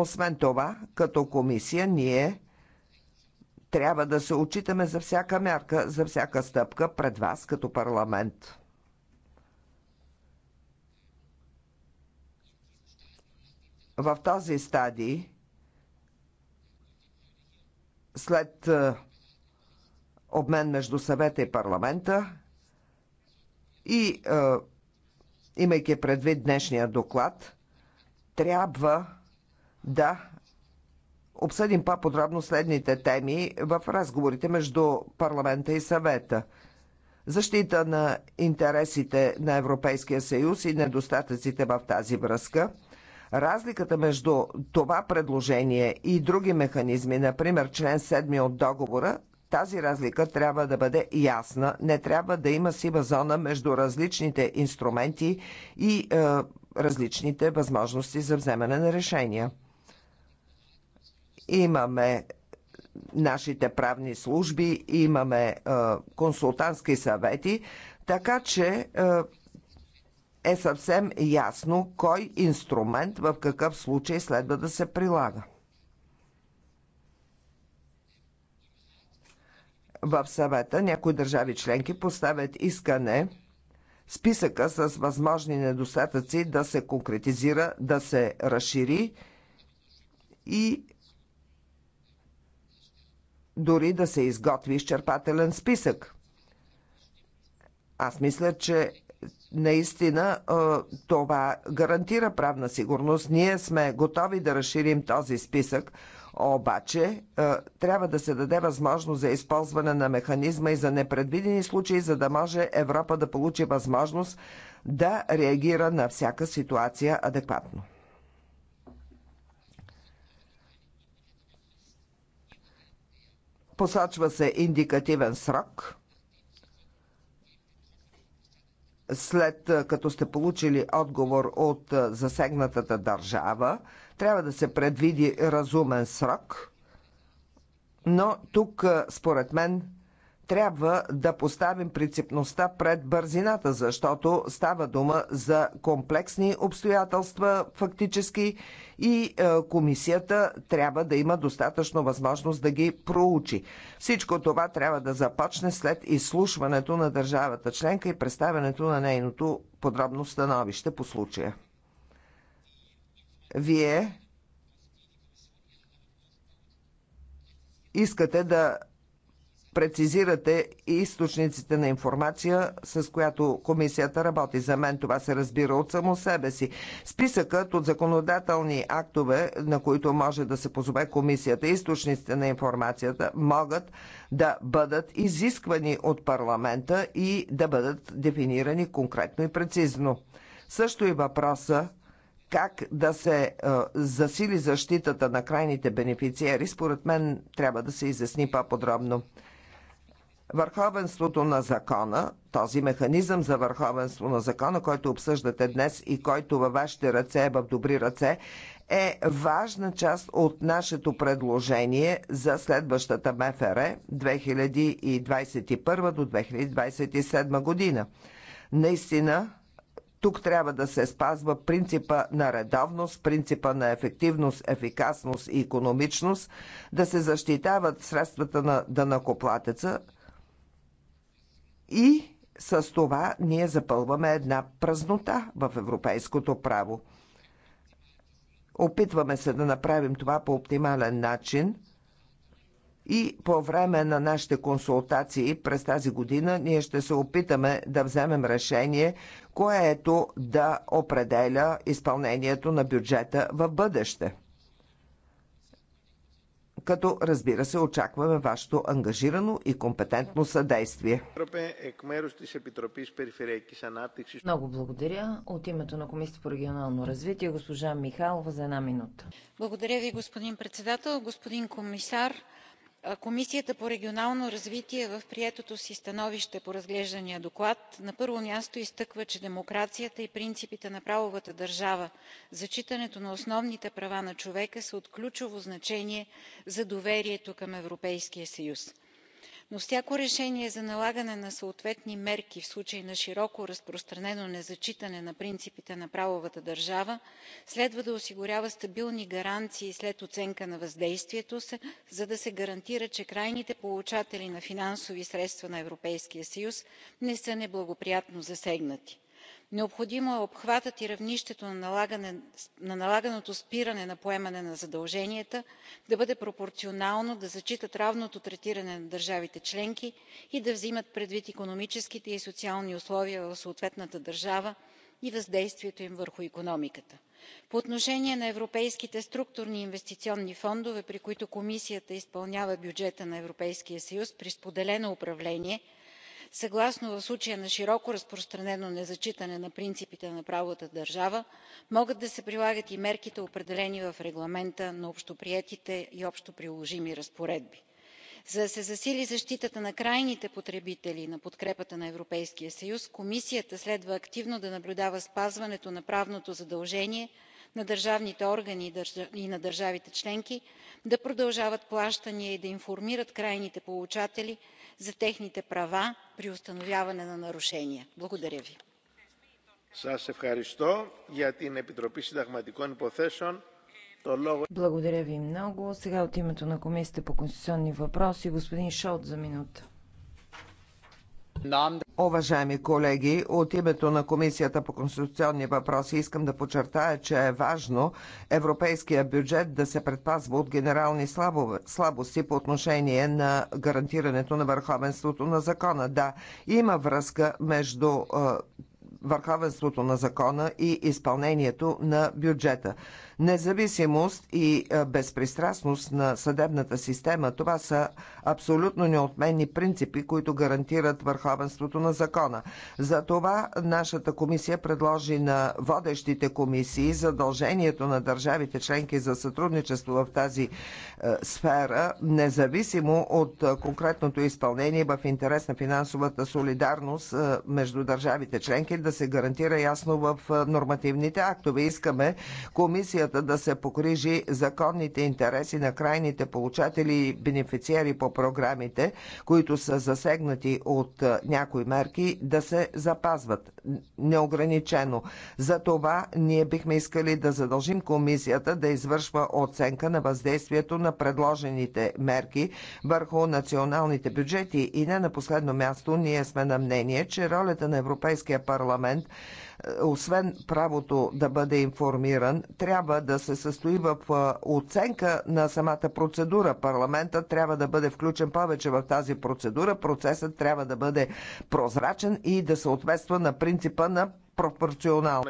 Освен това, като комисия, ние трябва да се отчитаме за всяка мярка, за всяка стъпка пред вас като парламент. В тази стадий, след е, обмен между съвета и парламента и е, имайки предвид днешния доклад, трябва да обсъдим по-подробно следните теми в разговорите между парламента и съвета. Защита на интересите на Европейския съюз и недостатъците в тази връзка. Разликата между това предложение и други механизми, например член 7 от договора, тази разлика трябва да бъде ясна. Не трябва да има сива зона между различните инструменти и е, различните възможности за вземане на решения. Имаме нашите правни служби, имаме консултантски съвети, така че е съвсем ясно кой инструмент в какъв случай следва да се прилага. В съвета някои държави членки поставят искане списъка с възможни недостатъци да се конкретизира, да се разшири и дори да се изготви изчерпателен списък. Аз мисля, че наистина е, това гарантира правна сигурност. Ние сме готови да разширим този списък, обаче е, трябва да се даде възможност за използване на механизма и за непредвидени случаи, за да може Европа да получи възможност да реагира на всяка ситуация адекватно. Посочва се индикативен срок. След като сте получили отговор от засегнатата държава, трябва да се предвиди разумен срок. Но тук, според мен, трябва да поставим принципността пред бързината, защото става дума за комплексни обстоятелства фактически и е, комисията трябва да има достатъчно възможност да ги проучи. Всичко това трябва да започне след изслушването на държавата членка и представянето на нейното подробно становище по случая. Вие искате да прецизирате източниците на информация, с която комисията работи. За мен това се разбира от само себе си. Списъкът от законодателни актове, на които може да се позове комисията, източниците на информацията, могат да бъдат изисквани от парламента и да бъдат дефинирани конкретно и прецизно. Също и въпроса как да се е, засили защитата на крайните бенефициери, според мен трябва да се изясни по-подробно върховенството на закона, този механизъм за върховенство на закона, който обсъждате днес и който във вашите ръце е в добри ръце, е важна част от нашето предложение за следващата МФР 2021 до 2027 година. Наистина, тук трябва да се спазва принципа на редовност, принципа на ефективност, ефикасност и економичност, да се защитават средствата на данакоплатеца – и с това ние запълваме една празнота в европейското право. Опитваме се да направим това по оптимален начин и по време на нашите консултации през тази година ние ще се опитаме да вземем решение, което да определя изпълнението на бюджета в бъдеще като разбира се очакваме вашето ангажирано и компетентно съдействие. Много благодаря. От името на Комисията по регионално развитие госпожа Михайлова за една минута. Благодаря ви, господин председател. Господин комисар, комисията по регионално развитие в приетото си становище по разглеждания доклад на първо място изтъква че демокрацията и принципите на правовата държава зачитането на основните права на човека са от ключово значение за доверието към европейския съюз но всяко решение за налагане на съответни мерки в случай на широко разпространено незачитане на принципите на правовата държава следва да осигурява стабилни гаранции след оценка на въздействието за да се гарантира че крайните получатели на финансови средства на европейския съюз не са неблагоприятно засегнати необходимо е обхватът и равнището на налаганото спиране на поемане на задълженията да бъде пропорционално да зачитат равното третиране на държавите членки и да взимат предвид икономическите и социални условия в съответната държава и въздействието им върху икономиката. по отношение на европейските структурни и инвестиционни фондове при които комисията изпълнява бюджета на европейския съюз при споделено управление съгласно в случая на широко разпространено незачитане на принципите на правовата държава могат да се прилагат и мерките определени в регламента на общоприетите и общоприложими разпоредби. за да се засили защитата на крайните потребители на подкрепата на европейския съюз комисията следва активно да наблюдава спазването на правното задължение на държавните органи и на държавите членки да продължават плащания и да информират крайните получатели за техните права при установяване на нарушения. благодаря ви. Благодаря ви много. Сега от името на Комисията по конституционни въпроси господин Шолт за минута. Уважаеми колеги, от името на Комисията по конституционни въпроси искам да подчертая, че е важно европейския бюджет да се предпазва от генерални слабости по отношение на гарантирането на върховенството на закона. Да, има връзка между е, върховенството на закона и изпълнението на бюджета. Независимост и безпристрастност на съдебната система това са абсолютно неотменни принципи, които гарантират върховенството на закона. За това нашата комисия предложи на водещите комисии задължението на държавите членки за сътрудничество в тази сфера, независимо от конкретното изпълнение в интерес на финансовата солидарност между държавите членки да се гарантира ясно в нормативните актове. Искаме комисията комисията да се покрижи законните интереси на крайните получатели и бенефициери по програмите, които са засегнати от някои мерки, да се запазват неограничено. За това ние бихме искали да задължим комисията да извършва оценка на въздействието на предложените мерки върху националните бюджети и не на последно място ние сме на мнение, че ролята на Европейския парламент е, освен правото да бъде информиран, трябва да се състои в е, оценка на самата процедура. Парламентът трябва да бъде включен повече в тази процедура. Процесът трябва да бъде прозрачен и да съответства на принципа на пропорционал.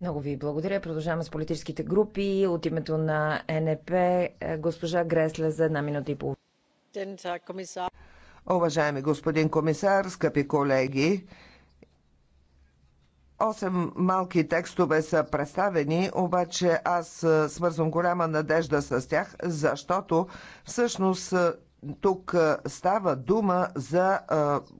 Много ви благодаря. Продължаваме с политическите групи. От името на НП е, госпожа Гресле за една минута и половина. Уважаеми господин комисар, скъпи колеги, Осем малки текстове са представени, обаче аз свързвам голяма надежда с тях, защото всъщност тук става дума за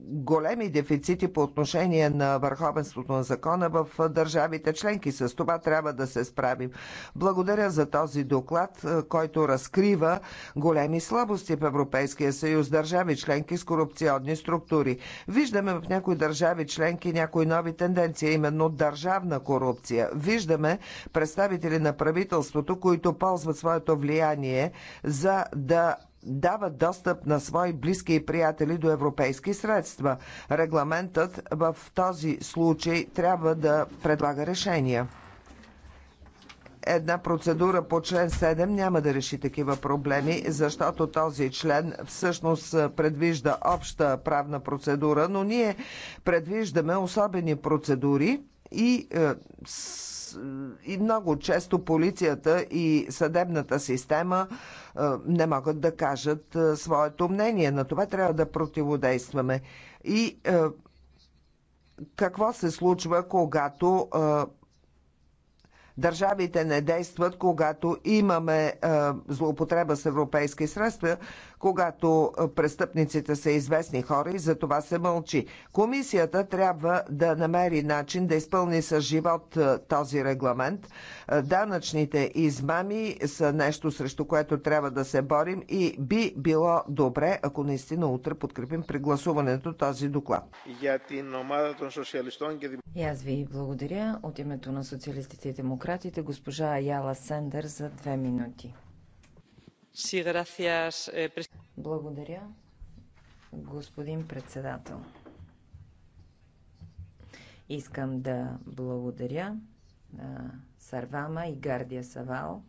големи дефицити по отношение на върховенството на закона в държавите членки. С това трябва да се справим. Благодаря за този доклад, който разкрива големи слабости в Европейския съюз, държави членки с корупционни структури. Виждаме в някои държави членки някои нови тенденции, именно държавна корупция. Виждаме представители на правителството, които ползват своето влияние за да дават достъп на свои близки и приятели до европейски средства. Регламентът в този случай трябва да предлага решения. Една процедура по член 7 няма да реши такива проблеми, защото този член всъщност предвижда обща правна процедура, но ние предвиждаме особени процедури и, е, е, и много често полицията и съдебната система е, не могат да кажат своето мнение. На това трябва да противодействаме. И какво се случва, когато държавите не действат, когато имаме злоупотреба с европейски средства, когато престъпниците са известни хора и за това се мълчи. Комисията трябва да намери начин да изпълни с живот този регламент. Данъчните измами са нещо, срещу което трябва да се борим и би било добре, ако наистина утре подкрепим при гласуването този доклад. И аз ви благодаря от името на социалистите и демократите, госпожа Аяла Сендер за две минути. Eh, благодаря, господин председател. Искам да благодаря на Сарвама и Гардия Савал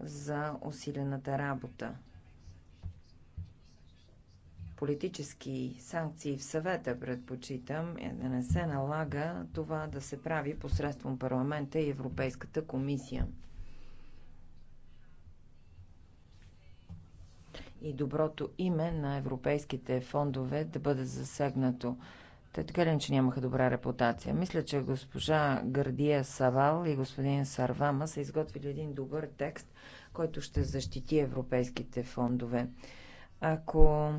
за усилената работа. Политически санкции в съвета предпочитам е да не се налага това да се прави посредством парламента и Европейската комисия. и доброто име на европейските фондове да бъде засегнато. Те така ли, че нямаха добра репутация? Мисля, че госпожа Гърдия Савал и господин Сарвама са изготвили един добър текст, който ще защити европейските фондове. Ако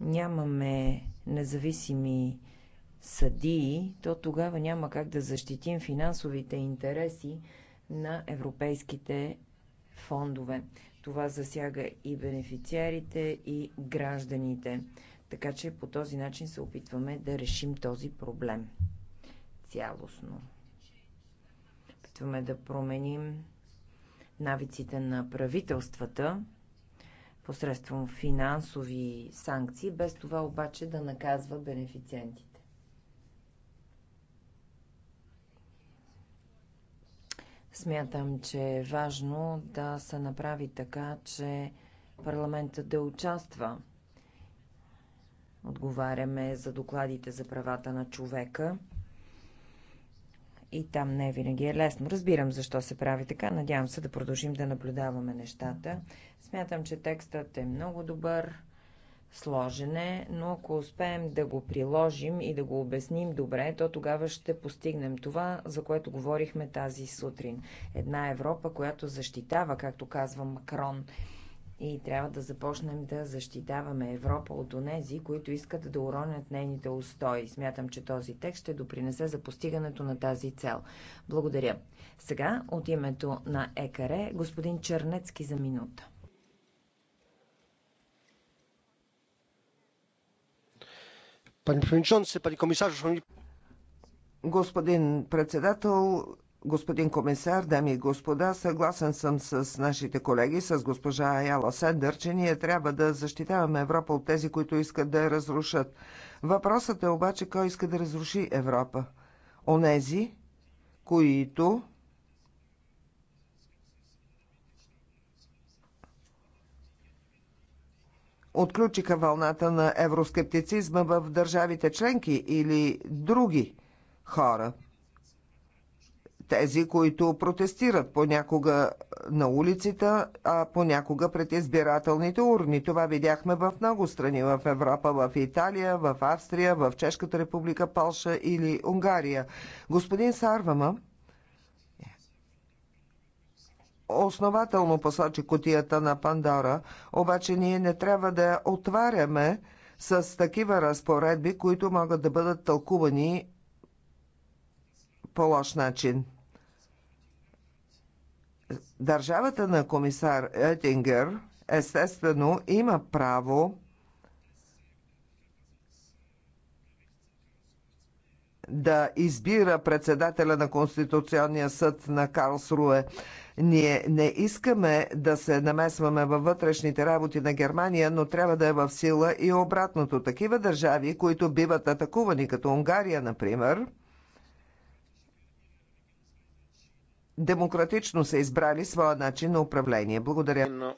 нямаме независими съдии, то тогава няма как да защитим финансовите интереси на европейските фондове. Това засяга и бенефициарите, и гражданите. Така че по този начин се опитваме да решим този проблем цялостно. Опитваме да променим навиците на правителствата посредством финансови санкции, без това обаче да наказва бенефициентите. Смятам, че е важно да се направи така, че парламентът да участва. Отговаряме за докладите за правата на човека. И там не винаги е лесно. Разбирам защо се прави така. Надявам се да продължим да наблюдаваме нещата. Смятам, че текстът е много добър Сложен е, но ако успеем да го приложим и да го обясним добре, то тогава ще постигнем това, за което говорихме тази сутрин. Една Европа, която защитава, както казва Макрон. И трябва да започнем да защитаваме Европа от онези, които искат да уронят нейните устои. Смятам, че този текст ще допринесе за постигането на тази цел. Благодаря. Сега от името на ЕКАРЕ господин Чернецки за минута. Пани Пенчонце, пани комисар, Господин председател, господин комисар, дами и господа, съгласен съм с нашите колеги, с госпожа Аяла Сендър, че ние трябва да защитаваме Европа от тези, които искат да я разрушат. Въпросът е обаче кой иска да разруши Европа. Онези, които отключиха вълната на евроскептицизма в държавите членки или други хора. Тези, които протестират понякога на улицата, а понякога пред избирателните урни. Това видяхме в много страни в Европа, в Италия, в Австрия, в Чешката република, Полша или Унгария. Господин Сарвама, основателно посочи котията на Пандора, обаче ние не трябва да я отваряме с такива разпоредби, които могат да бъдат тълкувани по лош начин. Държавата на комисар Етингер естествено има право да избира председателя на Конституционния съд на Карлсруе. Ние не искаме да се намесваме във вътрешните работи на Германия, но трябва да е в сила и обратното. Такива държави, които биват атакувани, като Унгария, например, демократично са избрали своя начин на управление. Благодаря.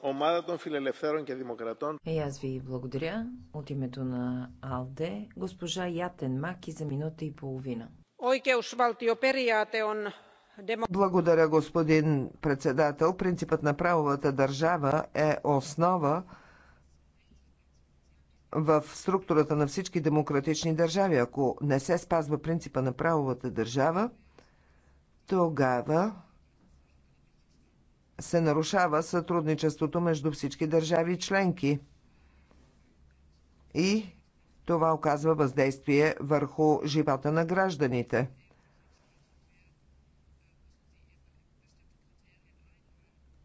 И е, аз ви благодаря от името на АЛДЕ, госпожа Ятен Маки за минута и половина. Oikeusvaltioperiaate on благодаря, господин председател. Принципът на правовата държава е основа в структурата на всички демократични държави. Ако не се спазва принципа на правовата държава, тогава се нарушава сътрудничеството между всички държави членки. И това оказва въздействие върху живота на гражданите.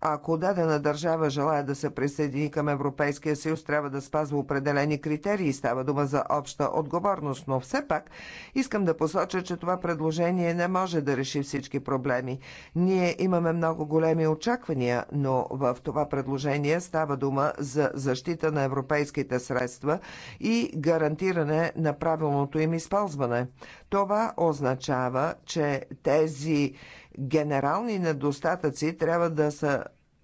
Ако дадена държава желая да се присъедини към Европейския съюз, трябва да спазва определени критерии. Става дума за обща отговорност, но все пак искам да посоча, че това предложение не може да реши всички проблеми. Ние имаме много големи очаквания, но в това предложение става дума за защита на европейските средства и гарантиране на правилното им използване. Това означава, че тези генерални недостатъци трябва да са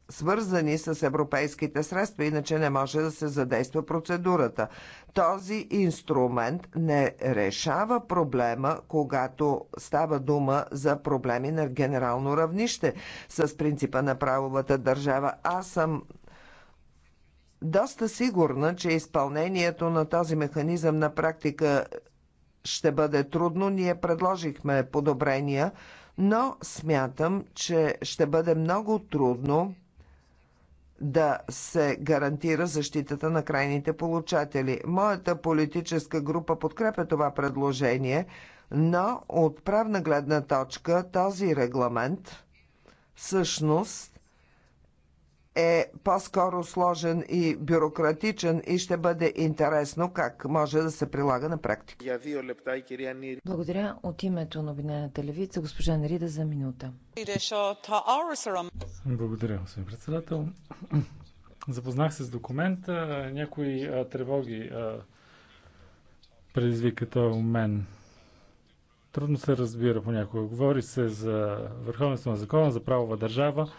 свързани с европейските средства, иначе не може да се задейства процедурата. Този инструмент не решава проблема, когато става дума за проблеми на генерално равнище с принципа на правовата държава. Аз съм доста сигурна, че изпълнението на този механизъм на практика ще бъде трудно. Ние предложихме подобрения но смятам, че ще бъде много трудно да се гарантира защитата на крайните получатели. Моята политическа група подкрепя това предложение, но от правна гледна точка този регламент всъщност е по-скоро сложен и бюрократичен и ще бъде интересно как може да се прилага на практика. Благодаря от името на Обединената левица, госпожа Нерида за минута. Благодаря, господин председател. Запознах се с документа. Някои тревоги предизвика той у мен. Трудно се разбира понякога. Говори се за върховенство на закона, за правова държава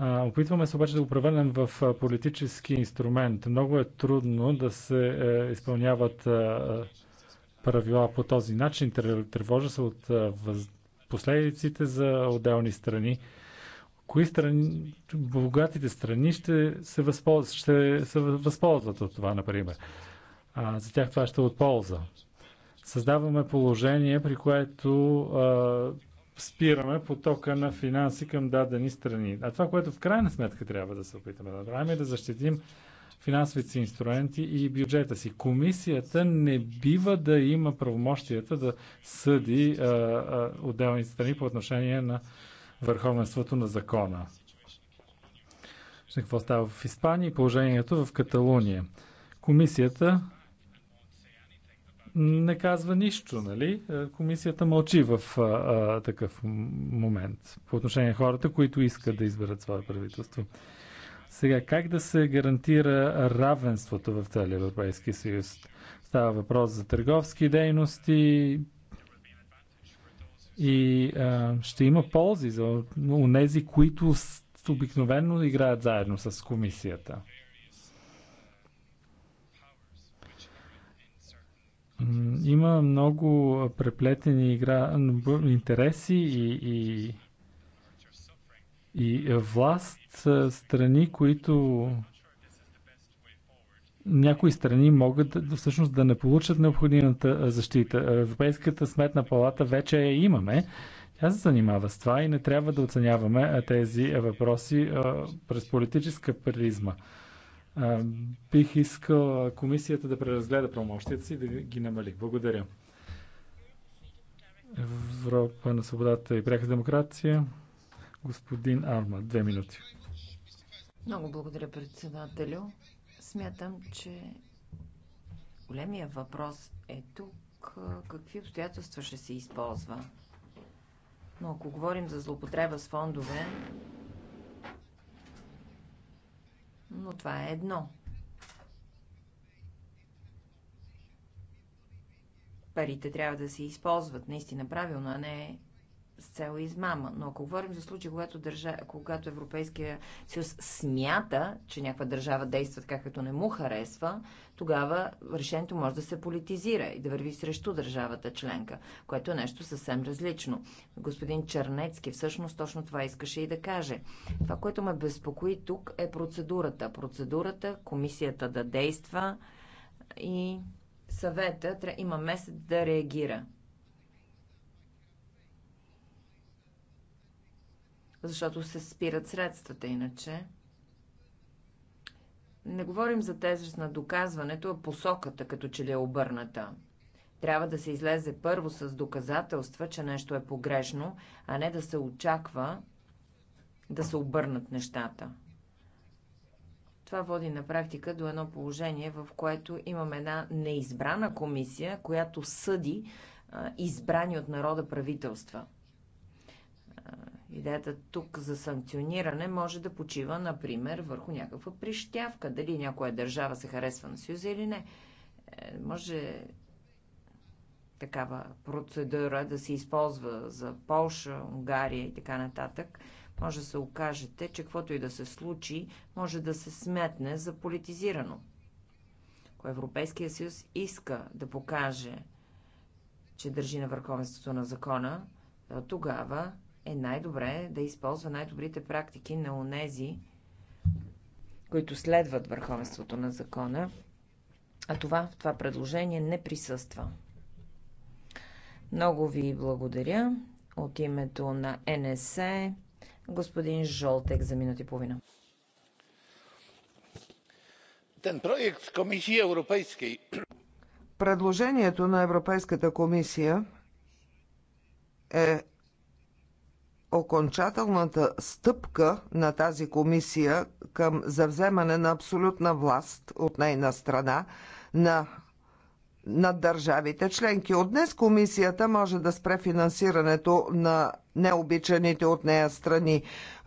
Опитваме се обаче да го превърнем в политически инструмент. Много е трудно да се е, изпълняват е, е, правила по този начин. Тревожа се от последиците за отделни страни. Кои страни, богатите страни ще се, възползват, ще се възползват от това, например. А, за тях това ще е от полза. Създаваме положение, при което спираме потока на финанси към дадени страни. А това, което в крайна сметка трябва да се опитаме да направим е да защитим финансовите си инструменти и бюджета си. Комисията не бива да има правомощията да съди а, а, отделни страни по отношение на върховенството на закона. какво става в Испания и положението в Каталуния. Комисията не казва нищо, нали? Е, комисията мълчи в а, а, такъв момент по отношение на хората, които искат да изберат свое правителство. Сега, как да се гарантира равенството в целия Европейски съюз? Става въпрос за търговски дейности и а, ще има ползи за тези, които обикновено играят заедно с комисията. Има много преплетени игра, интереси и, и, и власт, страни, които някои страни могат всъщност да не получат необходимата защита. Европейската сметна палата вече я имаме. Тя се занимава с това и не трябва да оценяваме тези въпроси през политическа призма бих искал комисията да преразгледа промощите си и да ги намали. Благодаря. Европа на свободата и пряка демокрация. Господин Арма, две минути. Много благодаря, председателю. Смятам, че големия въпрос е тук какви обстоятелства ще се използва. Но ако говорим за злоупотреба с фондове, но това е едно. Парите трябва да се използват наистина правилно, а не с цел измама. Но ако говорим за случай, когато, държа... когато Европейския съюз смята, че някаква държава действа така, като не му харесва, тогава решението може да се политизира и да върви срещу държавата членка, което е нещо съвсем различно. Господин Чернецки всъщност точно това искаше и да каже. Това, което ме безпокои тук е процедурата. Процедурата, комисията да действа и съвета има месец да реагира. защото се спират средствата иначе. Не говорим за тезис на доказването, а посоката като че ли е обърната. Трябва да се излезе първо с доказателства, че нещо е погрешно, а не да се очаква да се обърнат нещата. Това води на практика до едно положение, в което имаме една неизбрана комисия, която съди избрани от народа правителства. Идеята тук за санкциониране може да почива, например, върху някаква прищявка. Дали някоя държава се харесва на Съюза или не. Е, може такава процедура да се използва за Полша, Унгария и така нататък, може да се окажете, че каквото и да се случи, може да се сметне за политизирано. Ако Европейския съюз иска да покаже, че държи на върховенството на закона, тогава е най-добре да използва най-добрите практики на онези, които следват върховенството на закона, а това в това предложение не присъства. Много ви благодаря. От името на НСЕ, господин Жолтек за минути и половина. Ten projekt Предложението на Европейската комисия е окончателната стъпка на тази комисия към завземане на абсолютна власт от нейна страна на над държавите членки. От днес комисията може да спре финансирането на необичаните от нея страни.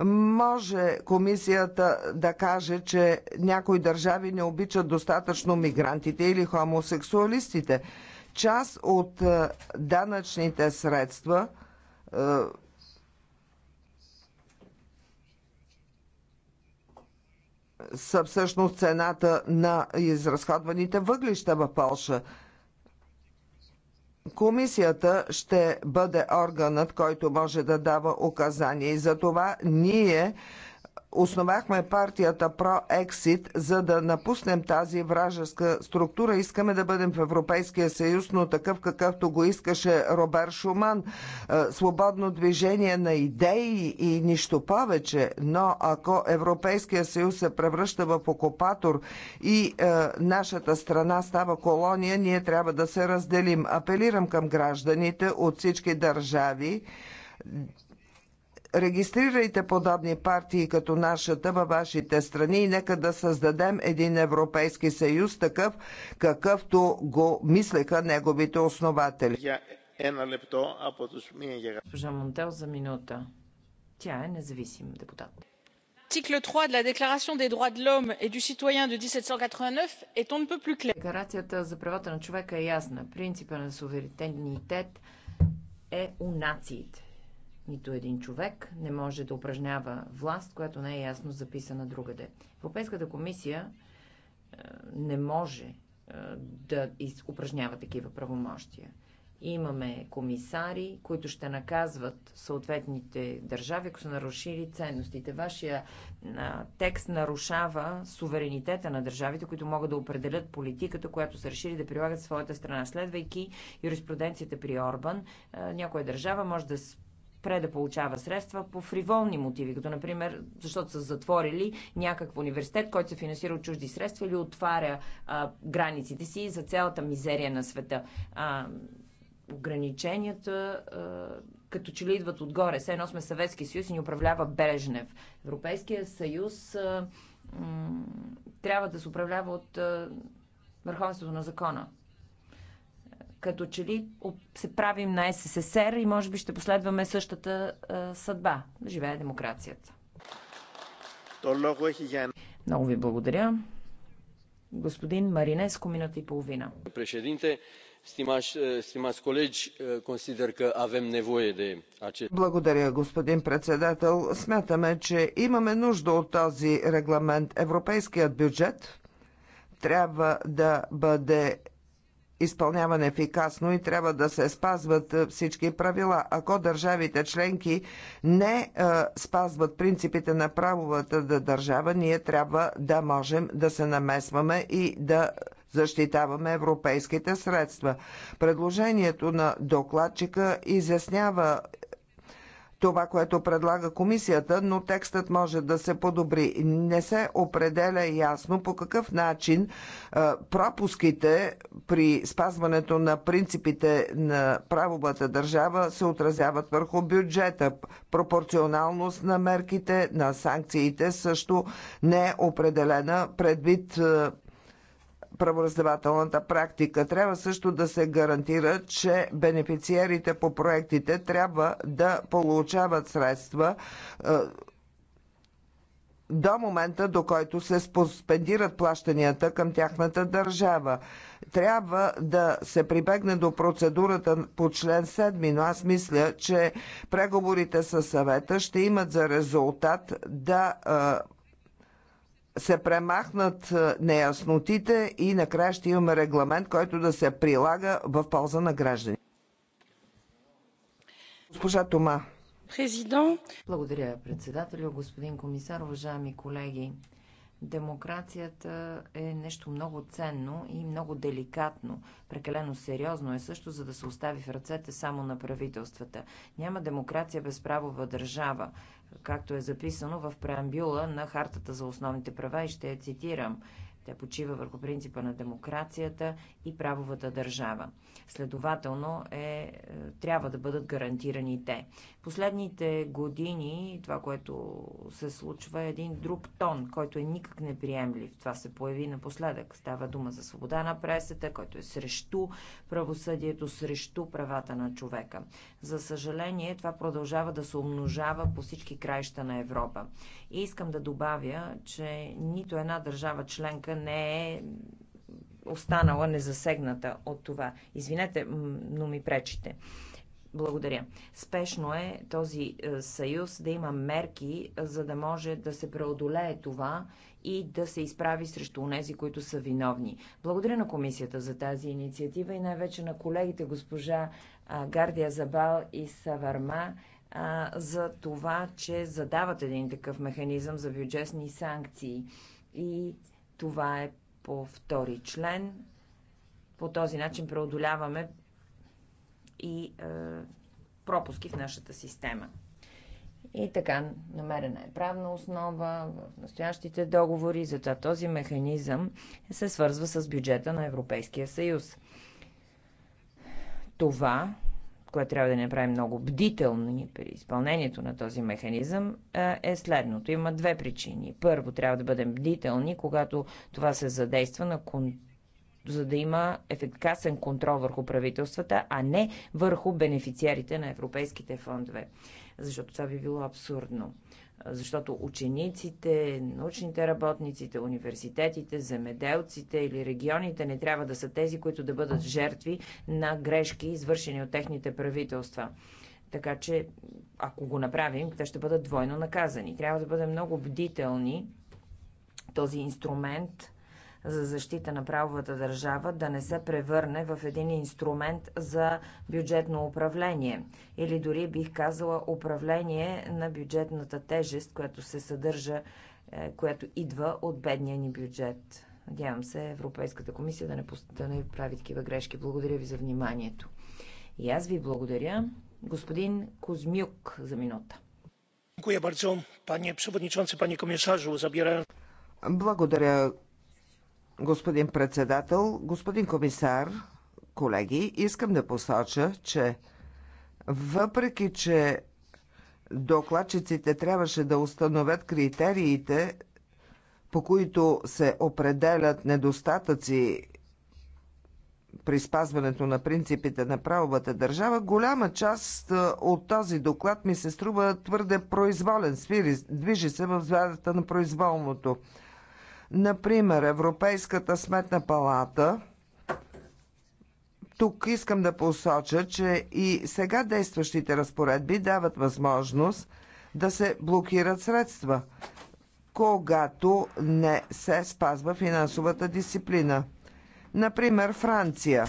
Може комисията да каже, че някои държави не обичат достатъчно мигрантите или хомосексуалистите. Част от е, данъчните средства е, са всъщност цената на изразходваните въглища в Польша. Комисията ще бъде органът, който може да дава указания и за това ние основахме партията Pro-Exit, за да напуснем тази вражеска структура. Искаме да бъдем в Европейския съюз, но такъв какъвто го искаше Робер Шуман. Е, свободно движение на идеи и нищо повече. Но ако Европейския съюз се превръща в окупатор и е, нашата страна става колония, ние трябва да се разделим. Апелирам към гражданите от всички държави регистрирайте подобни партии като нашата във вашите страни и нека да създадем един Европейски съюз такъв, какъвто го мислеха неговите основатели. Госпожа Монтел за минута. Тя е независим депутат. L'article 3 de la Déclaration des droits de l'homme et du citoyen de 1789 est on ne peut plus clair. Декларацията за правата на човека е ясна. Принципа на суверенитет е у нациите нито един човек не може да упражнява власт, която не е ясно записана другаде. Европейската комисия е, не може е, да упражнява такива правомощия. Имаме комисари, които ще наказват съответните държави, ако са нарушили ценностите. Вашия а, е, текст нарушава суверенитета на държавите, които могат да определят политиката, която са решили да прилагат в своята страна. Следвайки юриспруденцията при Орбан, а, някоя държава може да спре да получава средства по фриволни мотиви, като например, защото са затворили някакъв университет, който се финансира от чужди средства или отваря а, границите си за цялата мизерия на света. А, ограниченията а, като че ли идват отгоре. Все едно сме Съветски съюз и ни управлява Брежнев. Европейския съюз а, трябва да се управлява от а, върховенството на закона. Като че ли се правим на СССР и може би ще последваме същата а, съдба. Живее демокрацията. Много ви благодаря. Господин Маринеско, минута и половина. Președinte, stimați colegi, consider că avem nevoie de acest... Благодаря, господин председател. Смятаме, че имаме нужда от този регламент. Европейският бюджет трябва да бъде изпълняван ефикасно и трябва да се спазват е, всички правила. Ако държавите членки не е, спазват принципите на правовата държава, ние трябва да можем да се намесваме и да защитаваме европейските средства. Предложението на докладчика изяснява това, което предлага комисията, но текстът може да се подобри. Не се определя ясно по какъв начин е, пропуските при спазването на принципите на правовата държава се отразяват върху бюджета. Пропорционалност на мерките, на санкциите също не е определена предвид е, правораздавателната практика. Трябва също да се гарантира, че бенефициерите по проектите трябва да получават средства е, до момента, до който се споспендират плащанията към тяхната държава. Трябва да се прибегне до процедурата по член 7, но аз мисля, че преговорите със съвета ще имат за резултат да е, се премахнат е, неяснотите и накрая ще имаме регламент, който да се прилага в полза на граждани. Госпожа Тома. Президент. Благодаря, председател, господин комисар, уважаеми колеги. Демокрацията е нещо много ценно и много деликатно. Прекалено сериозно е също, за да се остави в ръцете само на правителствата. Няма демокрация без правова държава както е записано в преамбюла на Хартата за основните права и ще я цитирам. Тя почива върху принципа на демокрацията и правовата държава. Следователно е, е трябва да бъдат гарантирани те. Последните години това, което се случва е един друг тон, който е никак неприемлив. Това се появи напоследък. Става дума за свобода на пресата, който е срещу правосъдието, срещу правата на човека. За съжаление, това продължава да се умножава по всички краища на Европа. И искам да добавя, че нито една държава членка не е останала незасегната от това. Извинете, но ми пречите. Благодаря. Спешно е този е, съюз да има мерки, е, за да може да се преодолее това и да се изправи срещу онези, които са виновни. Благодаря на комисията за тази инициатива и най-вече на колегите госпожа е, Гардия Забал и Саварма за това, че задават един такъв механизъм за бюджетни санкции. И това е по втори член. По този начин преодоляваме и е, пропуски в нашата система. И така, намерена е правна основа в настоящите договори, затова този механизъм се свързва с бюджета на Европейския съюз. Това, което трябва да ни правим много бдителни при изпълнението на този механизъм, е, е следното. Има две причини. Първо, трябва да бъдем бдителни, когато това се задейства на контакт за да има ефикасен контрол върху правителствата, а не върху бенефициарите на европейските фондове. Защото това би било абсурдно. Защото учениците, научните работниците, университетите, земеделците или регионите не трябва да са тези, които да бъдат жертви на грешки, извършени от техните правителства. Така че, ако го направим, те ще бъдат двойно наказани. Трябва да бъдем много бдителни този инструмент за защита на правовата държава да не се превърне в един инструмент за бюджетно управление или дори бих казала управление на бюджетната тежест, която се съдържа, е, която идва от бедния ни бюджет. Надявам се Европейската комисия да не, да не прави такива грешки. Благодаря ви за вниманието. И аз ви благодаря. Господин Козмюк за минута. Благодаря, пане председател, пане комисажу, забирам. Благодаря, господин председател, господин комисар, колеги. Искам да посоча, че въпреки, че докладчиците трябваше да установят критериите, по които се определят недостатъци при спазването на принципите на правовата държава, голяма част от този доклад ми се струва твърде произволен, движи се в звездата на произволното. Например, Европейската сметна палата. Тук искам да посоча, че и сега действащите разпоредби дават възможност да се блокират средства, когато не се спазва финансовата дисциплина. Например, Франция.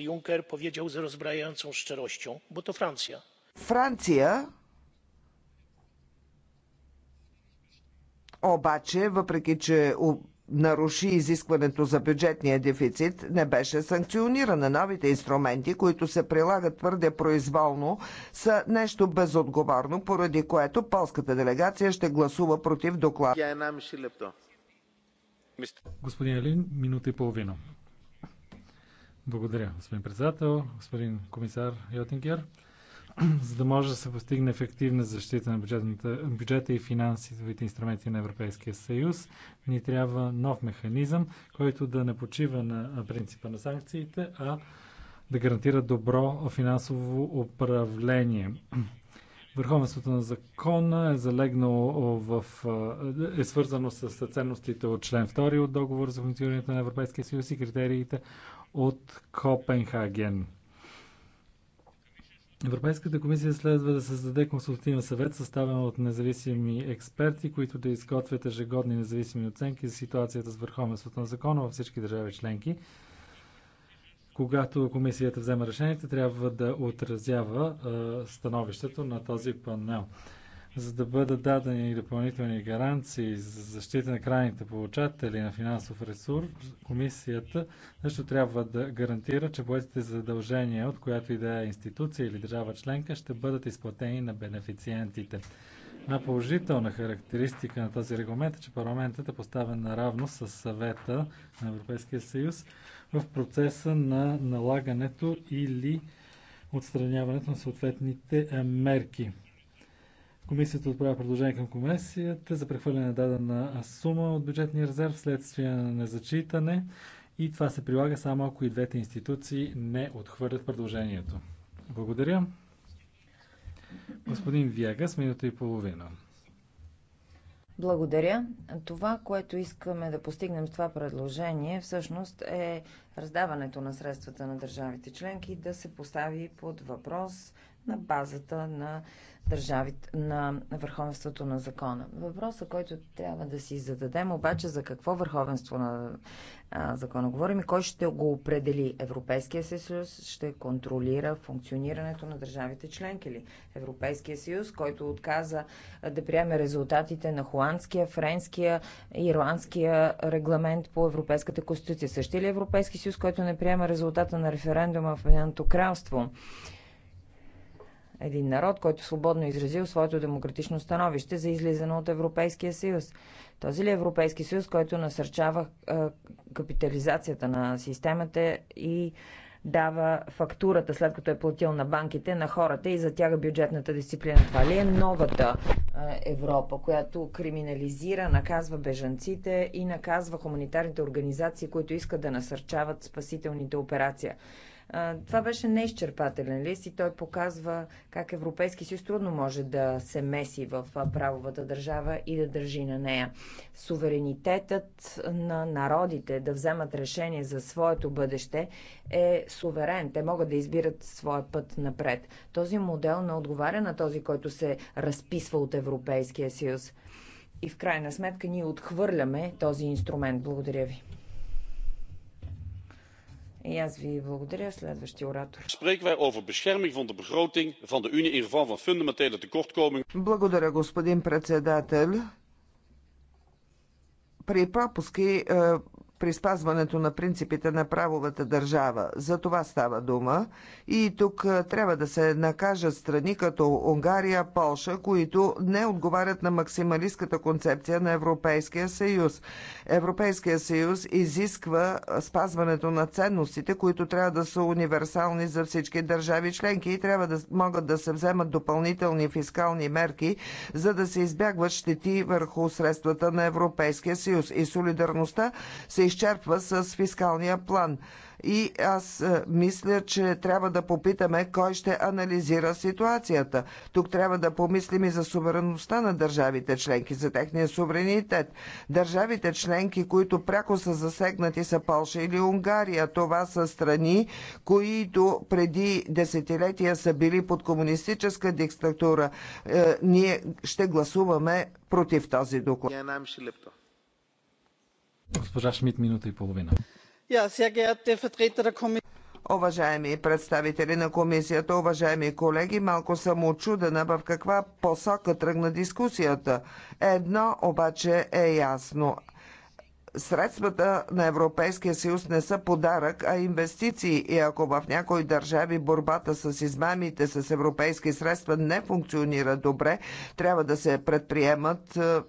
Юнкер поведел за rozbrajającą szczerością, bo то Франция Франция. обаче, въпреки че наруши изискването за бюджетния дефицит, не беше санкционирана. Новите инструменти, които се прилагат твърде произволно, са нещо безотговорно, поради което полската делегация ще гласува против доклада. Господин Елин, минута и половина. Благодаря, господин председател, господин комисар Йотингер за да може да се постигне ефективна защита на бюджета и финансовите инструменти на Европейския съюз, ни трябва нов механизъм, който да не почива на принципа на санкциите, а да гарантира добро финансово управление. Върховенството на закона е залегнало в, е свързано с ценностите от член 2 от договор за функционирането на Европейския съюз и критериите от Копенхаген. Европейската комисия следва да създаде консултативен съвет, съставен от независими експерти, които да изготвят ежегодни независими оценки за ситуацията с върховенството на закона във всички държави членки. Когато комисията взема решението, трябва да отразява становището на този панел за да бъдат дадени допълнителни гаранции за защита на крайните получатели на финансов ресурс, комисията също трябва да гарантира, че поетите задължения от която и да е институция или държава членка ще бъдат изплатени на бенефициентите. Една положителна характеристика на този регламент е, че парламентът е поставен наравно с съвета на Европейския съюз в процеса на налагането или отстраняването на съответните мерки. Комисията отправя предложение към комисията за прехвърляне на дадена сума от бюджетния резерв вследствие на незачитане и това се прилага само ако и двете институции не отхвърлят предложението. Благодаря. Господин с минута и половина. Благодаря. Това, което искаме да постигнем с това предложение, всъщност е раздаването на средствата на държавите членки да се постави под въпрос на базата на държавите, на върховенството на закона. Въпросът, който трябва да си зададем обаче за какво върховенство на а, закона говорим и кой ще го определи. Европейския съюз ще контролира функционирането на държавите членки ли? Европейския съюз, който отказа да приеме резултатите на холандския, френския, ирландския регламент по Европейската конституция. Същи ли е Европейски съюз, който не приема резултата на референдума в Обединеното кралство? един народ, който свободно е изразил своето демократично становище за излизане от Европейския съюз. Този ли Европейски съюз, който насърчава капитализацията на системата и дава фактурата, след като е платил на банките, на хората и затяга бюджетната дисциплина. Това ли е новата Европа, която криминализира, наказва бежанците и наказва хуманитарните организации, които искат да насърчават спасителните операции? Това беше неизчерпателен лист и той показва как Европейски съюз трудно може да се меси в правовата държава и да държи на нея. Суверенитетът на народите да вземат решение за своето бъдеще е суверен. Те могат да избират своя път напред. Този модел не отговаря на този, който се разписва от Европейския съюз. И в крайна сметка ние отхвърляме този инструмент. Благодаря ви. И аз ви благодаря. Следващия оратор. Благодаря, господин председател. При пропуски е, при спазването на принципите на правовата държава. За това става дума. И тук трябва да се накажат страни като Унгария, Полша, които не отговарят на максималистката концепция на Европейския съюз. Европейския съюз изисква спазването на ценностите, които трябва да са универсални за всички държави членки и трябва да могат да се вземат допълнителни фискални мерки, за да се избягват щети върху средствата на Европейския съюз. И солидарността се изчерпва с фискалния план. И аз е, мисля, че трябва да попитаме кой ще анализира ситуацията. Тук трябва да помислим и за суверенността на държавите членки, за техния суверенитет. Държавите членки, които пряко са засегнати са Полша или Унгария. Това са страни, които преди десетилетия са били под комунистическа диктатура. Е, ние ще гласуваме против този доклад. Госпожа Шмидт, минута и половина. Уважаеми представители на комисията, уважаеми колеги, малко съм очудена в каква посока тръгна дискусията. Едно обаче е ясно средствата на Европейския съюз не са подарък, а инвестиции. И ако в някои държави борбата с измамите с европейски средства не функционира добре, трябва да се предприемат е,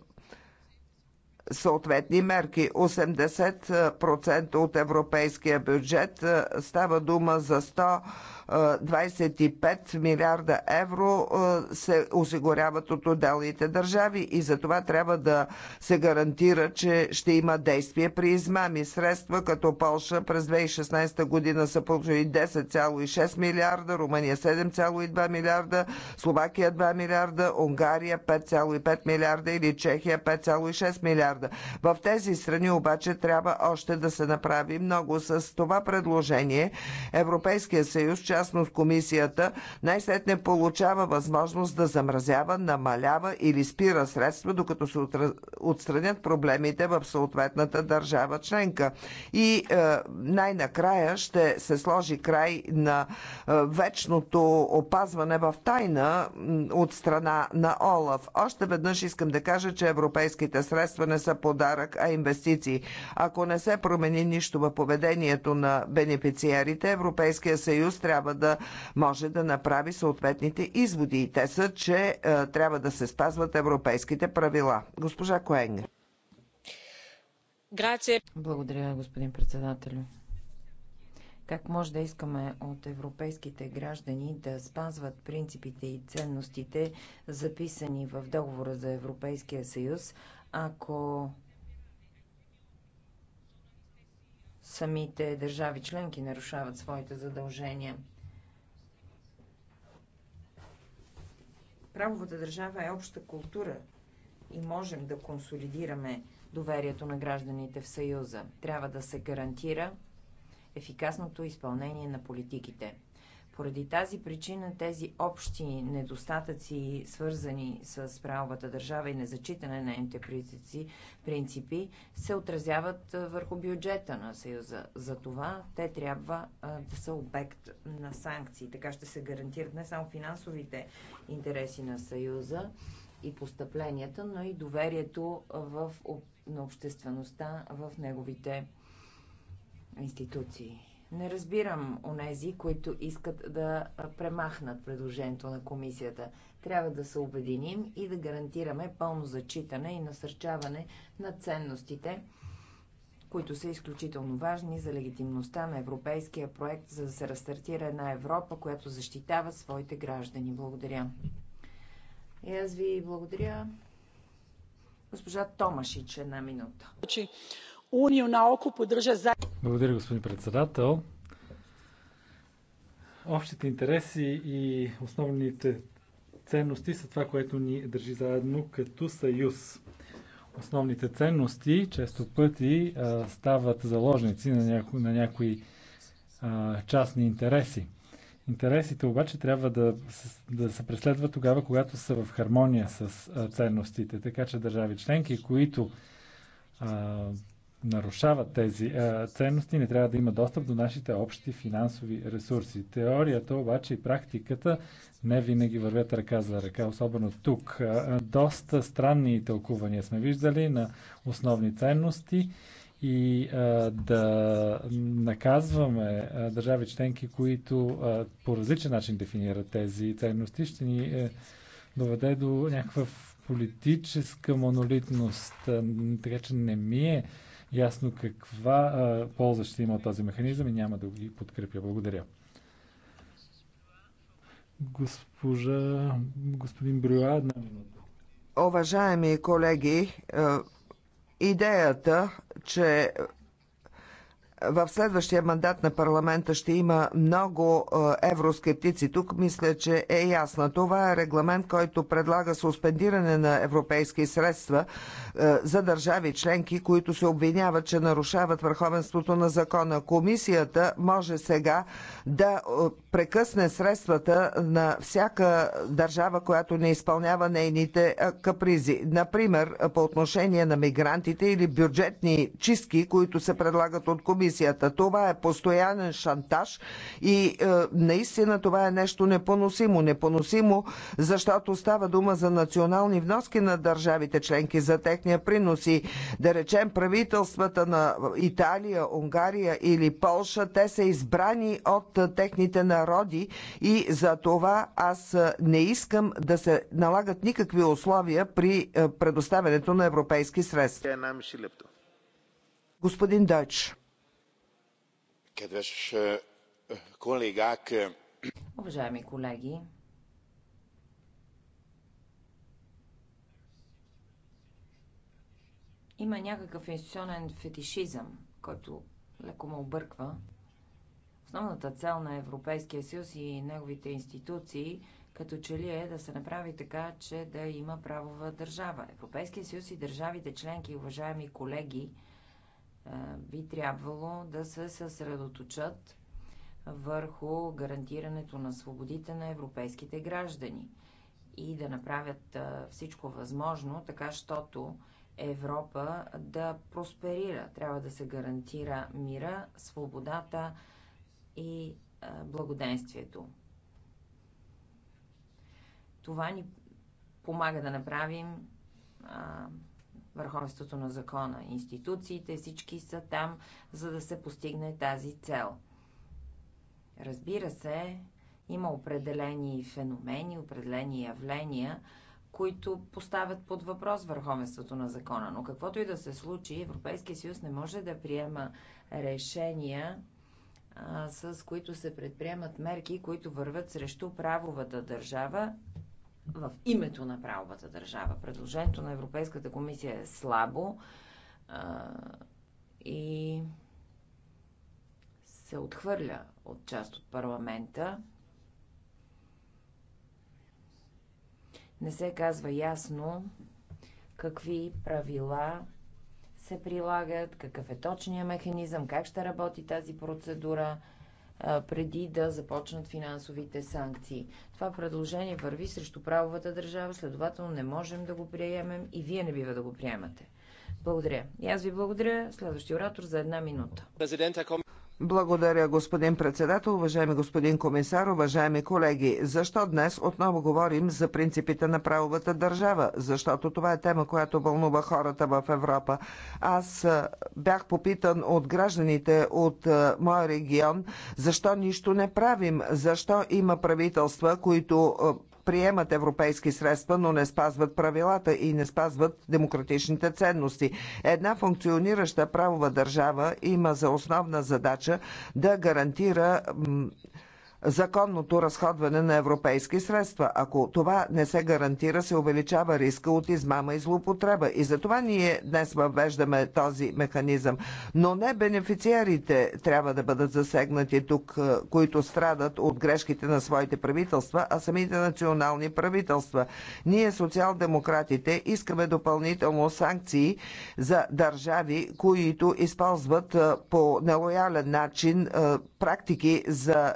съответни мерки. 80% от европейския бюджет става дума за 100 25 е, милиарда евро е, се осигуряват от отделните държави и за това трябва да се гарантира, че ще има действие при измами. Средства като Полша през 2016 година са получили 10,6 милиарда, Румъния 7,2 милиарда, Словакия 2 милиарда, Унгария 5,5 милиарда или Чехия 5,6 милиарда. В тези страни обаче трябва още да се направи много. С това предложение Европейския съюз, частност комисията, най-сетне получава възможност да замразява, намалява или спира средства, докато се отстранят проблемите в съответната държава членка. И е, най-накрая ще се сложи край на е, вечното опазване в тайна от страна на Олаф. Още веднъж искам да кажа, че европейските средства не са подарък, а инвестиции. Ако не се промени нищо в поведението на бенефициарите, Европейския съюз трябва трябва да може да направи съответните изводи. И те са, че е, трябва да се спазват европейските правила. Госпожа Коенге. Благодаря, господин председател, Как може да искаме от европейските граждани да спазват принципите и ценностите, записани в договора за Европейския съюз, ако самите държави членки нарушават своите задължения? Правовата държава е обща култура и можем да консолидираме доверието на гражданите в Съюза. Трябва да се гарантира ефикасното изпълнение на политиките. Поради тази причина тези общи недостатъци, свързани с правовата държава и незачитане на ентеприцици, принципи, се отразяват върху бюджета на Съюза. За това те трябва да са обект на санкции. Така ще се гарантират не само финансовите интереси на Съюза и постъпленията, но и доверието в, на обществеността в неговите институции. Не разбирам онези, които искат да премахнат предложението на комисията. Трябва да се обединим и да гарантираме пълно зачитане и насърчаване на ценностите, които са изключително важни за легитимността на европейския проект, за да се разстартира една Европа, която защитава своите граждани. Благодаря. И аз ви благодаря. Госпожа Томашич, една минута. Значи, Uniju na okupu drže за... Благодаря, господин председател. Общите интереси и основните ценности са това, което ни държи заедно като съюз. Основните ценности често пъти а, стават заложници на, няко, на някои а, частни интереси. Интересите обаче трябва да, да се преследват тогава, когато са в хармония с а, ценностите. Така че държави членки, които а, нарушава тези а, е, ценности, не трябва да има достъп до нашите общи финансови ресурси. Теорията обаче и практиката не винаги вървят ръка за ръка, особено тук. А, е, доста странни тълкувания сме виждали на основни ценности и а, е, да наказваме а, държави членки, които а, по различен начин дефинират тези ценности, ще ни е, доведе до някаква политическа монолитност. Така че не ми е ясно каква а, полза ще има този механизъм и няма да ги подкрепя. Благодаря. Госпожа, господин Брюа, една минута. Уважаеми колеги, е, идеята, че в следващия мандат на парламента ще има много е, евроскептици. Тук мисля, че е ясно. Това е регламент, който предлага суспендиране на европейски средства е, за държави членки, които се обвиняват, че нарушават върховенството на закона. Комисията може сега да е, прекъсне средствата на всяка държава, която не изпълнява нейните капризи. Например, по отношение на мигрантите или бюджетни чистки, които се предлагат от комисията комисията. Това е постоянен шантаж и е, наистина това е нещо непоносимо. Непоносимо, защото става дума за национални вноски на държавите членки, за техния принос и да речем правителствата на Италия, Унгария или Полша, те са избрани от е, техните народи и за това аз е, не искам да се налагат никакви условия при е, предоставянето на европейски средства. Господин Дойч. Уважаеми колеги, има някакъв институционен фетишизъм, който леко ме обърква. Основната цел на Европейския съюз и неговите институции като че ли е да се направи така, че да има правова държава. Европейския съюз и държавите членки, уважаеми колеги, би трябвало да се съсредоточат върху гарантирането на свободите на европейските граждани и да направят всичко възможно, така щото Европа да просперира. Трябва да се гарантира мира, свободата и благоденствието. Това ни помага да направим върховенството на закона. Институциите, всички са там, за да се постигне тази цел. Разбира се, има определени феномени, определени явления, които поставят под въпрос върховенството на закона. Но каквото и да се случи, Европейския съюз не може да приема решения, а, с които се предприемат мерки, които върват срещу правовата държава в името на правовата държава. Предложението на Европейската комисия е слабо а, и се отхвърля от част от парламента. Не се казва ясно какви правила се прилагат, какъв е точният механизъм, как ще работи тази процедура – преди да започнат финансовите санкции. Това предложение върви срещу правовата държава, следователно не можем да го приемем и вие не бива да го приемате. Благодаря. И аз ви благодаря. Следващия оратор за една минута. Благодаря, господин председател, уважаеми господин комисар, уважаеми колеги. Защо днес отново говорим за принципите на правовата държава? Защото това е тема, която вълнува хората в Европа. Аз бях попитан от гражданите от моя регион, защо нищо не правим, защо има правителства, които приемат европейски средства, но не спазват правилата и не спазват демократичните ценности. Една функционираща правова държава има за основна задача да гарантира законното разходване на европейски средства. Ако това не се гарантира, се увеличава риска от измама и злоупотреба. И затова ние днес въвеждаме този механизъм. Но не бенефициарите трябва да бъдат засегнати тук, е, които страдат от грешките на своите правителства, а самите национални правителства. Ние, социал-демократите, искаме допълнително санкции за държави, които използват е, по нелоялен начин е, практики за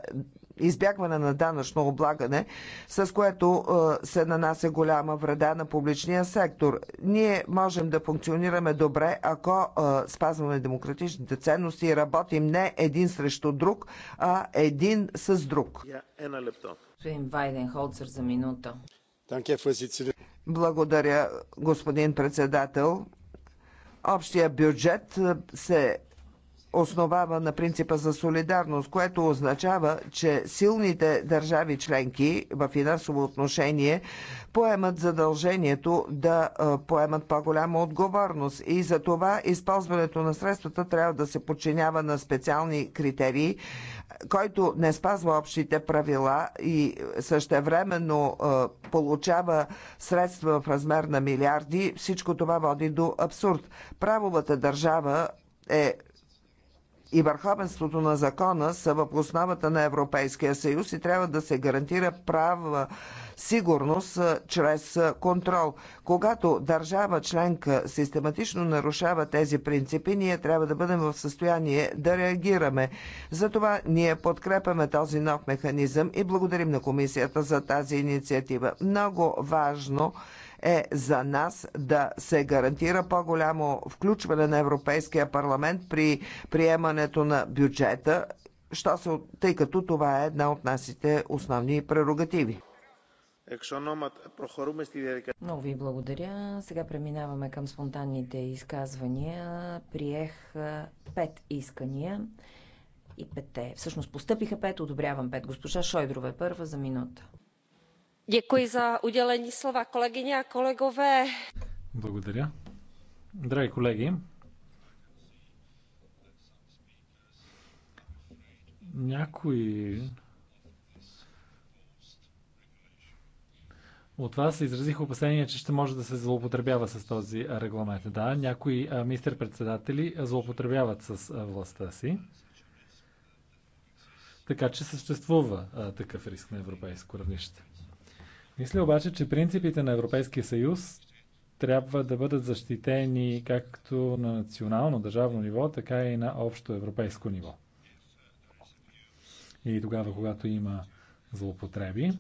избягване на данъчно облагане, с което се нанася голяма вреда на публичния сектор. Ние можем да функционираме добре, ако спазваме демократичните ценности и работим не един срещу друг, а един с друг. за минута. Благодаря, господин председател. Общия бюджет се основава на принципа за солидарност, което означава, че силните държави членки в финансово отношение поемат задължението да поемат по-голяма отговорност и за това използването на средствата трябва да се подчинява на специални критерии, който не спазва общите правила и същевременно получава средства в размер на милиарди, всичко това води до абсурд. Правовата държава е и върховенството на закона са в основата на Европейския съюз и трябва да се гарантира права сигурност чрез контрол. Когато държава членка систематично нарушава тези принципи, ние трябва да бъдем в състояние да реагираме. Затова ние подкрепяме този нов механизъм и благодарим на комисията за тази инициатива. Много важно е е за нас да се гарантира по-голямо включване на Европейския парламент при приемането на бюджета, що се, тъй като това е една от нашите основни прерогативи. Много ви благодаря. Сега преминаваме към спонтанните изказвания. Приех пет искания и петте. Всъщност постъпиха пет, одобрявам пет. Госпожа Шойдрова е първа за минута. Děkuji за kolegové. Благодаря. Драги колеги, някои от вас изразих опасение, че ще може да се злоупотребява с този регламент. Да, някои министър-председатели злоупотребяват с властта си. Така че съществува а, такъв риск на европейско равнище. Мисля обаче, че принципите на Европейския съюз трябва да бъдат защитени както на национално държавно ниво, така и на общо европейско ниво. И тогава, когато има злоупотреби,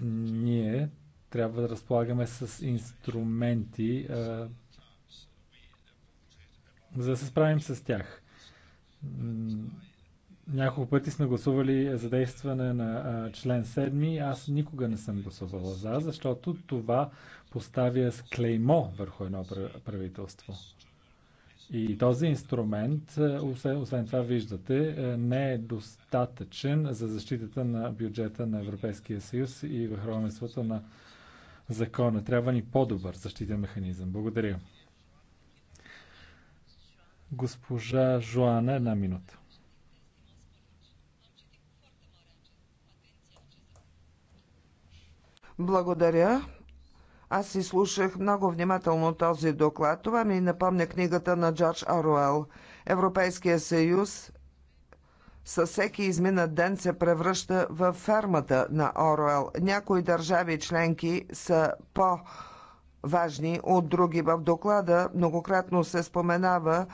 ние трябва да разполагаме с инструменти, а, за да се справим с тях. Няколко пъти сме гласували за действане на член 7. Аз никога не съм гласувала за, защото това поставя склеймо върху едно правителство. И този инструмент, е, освен това, виждате, е, не е достатъчен за защитата на бюджета на Европейския съюз и върховенството на закона. Трябва ни по-добър защитен механизъм. Благодаря. Госпожа Жоана, една минута. Благодаря. Аз слушах много внимателно този доклад. Това ми напомня книгата на Джордж Оруел. Европейския съюз със всеки изминат ден се превръща в фермата на Оруел. Някои държави членки са по- важни от други. В доклада многократно се споменава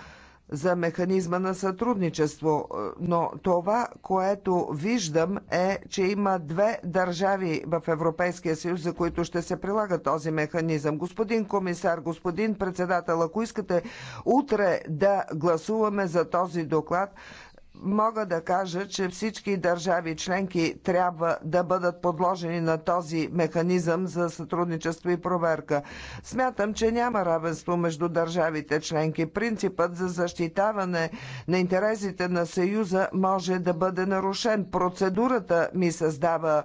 за механизма на сътрудничество, но това, което виждам е, че има две държави в Европейския съюз, за които ще се прилага този механизъм. Господин комисар, господин председател, ако искате утре да гласуваме за този доклад, мога да кажа, че всички държави членки трябва да бъдат подложени на този механизъм за сътрудничество и проверка. Смятам, че няма равенство между държавите членки. Принципът за защитаване на интересите на Съюза може да бъде нарушен. Процедурата ми създава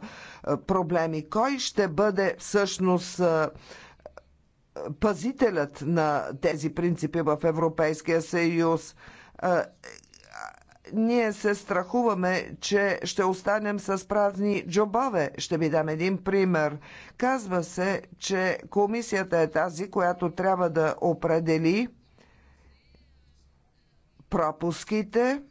е, проблеми. Кой ще бъде всъщност е, пазителят на тези принципи в Европейския съюз? Е, ние се страхуваме, че ще останем с празни джобове. Ще ви дам един пример. Казва се, че комисията е тази, която трябва да определи пропуските,